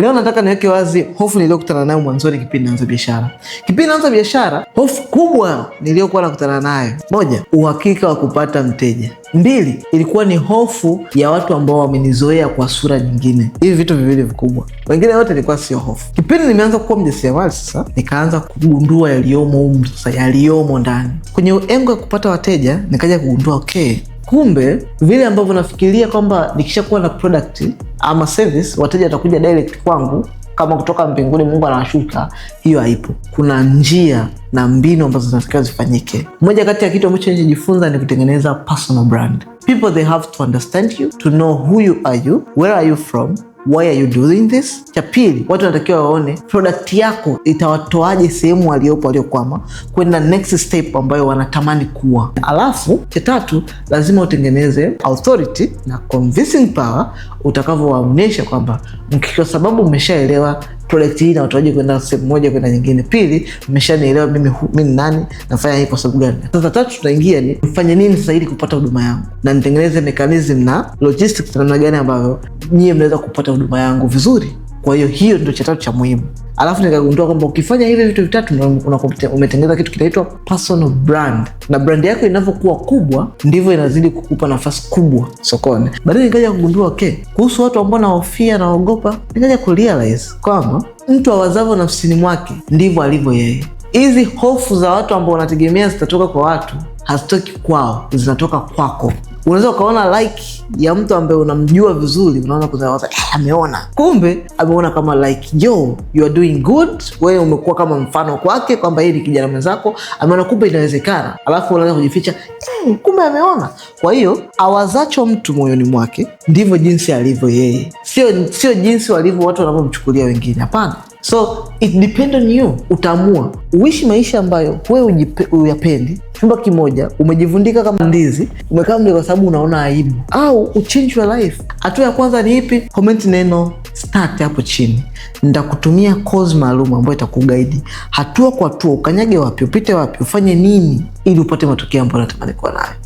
Leo nataka niweke wazi hofu niliyokutana nayo mwanzoni kipindi naanza biashara. Kipindi naanza biashara, hofu kubwa niliyokuwa nakutana nayo, moja, uhakika wa kupata mteja; mbili, ilikuwa ni hofu ya watu ambao wamenizoea kwa sura nyingine. Hivi vitu viwili vikubwa, wengine yote ilikuwa sio hofu. Kipindi nimeanza kuwa mjasiriamali sasa, nikaanza kugundua yaliyomo humu, sasa yaliyomo ndani kwenye engo ya kupata wateja, nikaja kugundua okay Kumbe vile ambavyo nafikiria kwamba nikishakuwa na product ama service, wateja watakuja direct kwangu kama kutoka mbinguni Mungu anawashuka, hiyo haipo. Kuna njia na mbinu ambazo zinatakiwa zifanyike. Moja kati ya kitu ambacho nilijifunza ni kutengeneza personal brand. People they have to understand you, to know who you are, you where are you from why are you doing this? Cha pili, watu wanatakiwa waone product yako itawatoaje sehemu waliopo waliokwama kwenda next step ambayo wanatamani kuwa. Alafu cha tatu, lazima utengeneze authority na convincing power utakavyowaonyesha kwamba kwa sababu mmeshaelewa project hii na nawataji kwenda sehemu moja kwenda nyingine. Pili, mmeshanielewa mimi mimi ni nani, nafanya hii kwa sababu gani. Sasa tatu, tunaingia ni mfanye nini sasa ili kupata huduma yangu, na nitengeneze mekanism na logistics namna gani ambavyo nyie mnaweza kupata huduma yangu vizuri. Kwa hiyo hiyo ndio cha tatu cha muhimu. Alafu nikagundua kwamba ukifanya hivi vitu vitatu umetengeneza kitu kinaitwa personal brand, na brand yako inavyokuwa kubwa ndivyo inazidi kukupa nafasi kubwa sokoni. Baadaye nikaja kugundua okay, kuhusu watu ambao naofia naogopa, nikaja kurealize kwamba mtu awazavyo nafsini mwake ndivyo alivyo yeye. Hizi hofu za watu ambao wanategemea zitatoka kwa watu hazitoki kwao, zinatoka kwako unaweza ukaona like ya mtu ambaye unamjua vizuri, unaona ah, ameona, kumbe ameona kama like yo you are doing good, wewe umekuwa kama mfano kwake kwamba yeye ni kijana mwenzako, ameona kumbe inawezekana, alafu unaanza kujificha mm, kumbe ameona. Kwa hiyo awazacho mtu moyoni mwake ndivyo jinsi alivyo yeye, sio sio jinsi walivyo watu wanavyomchukulia wengine, hapana. So it depend on you, utaamua uishi maisha ambayo wewe uyapendi. Chumba kimoja umejivundika kama ndizi, umekaa mle kwa sababu unaona aibu, au uchange your life. Hatua ya kwanza ni ipi? Comment neno start hapo chini, nitakutumia course maalum ambayo itakugaidi hatua kwa hatua, ukanyage wapi, upite wapi, ufanye nini ili upate matokeo ambayo unatamani kuwa nayo.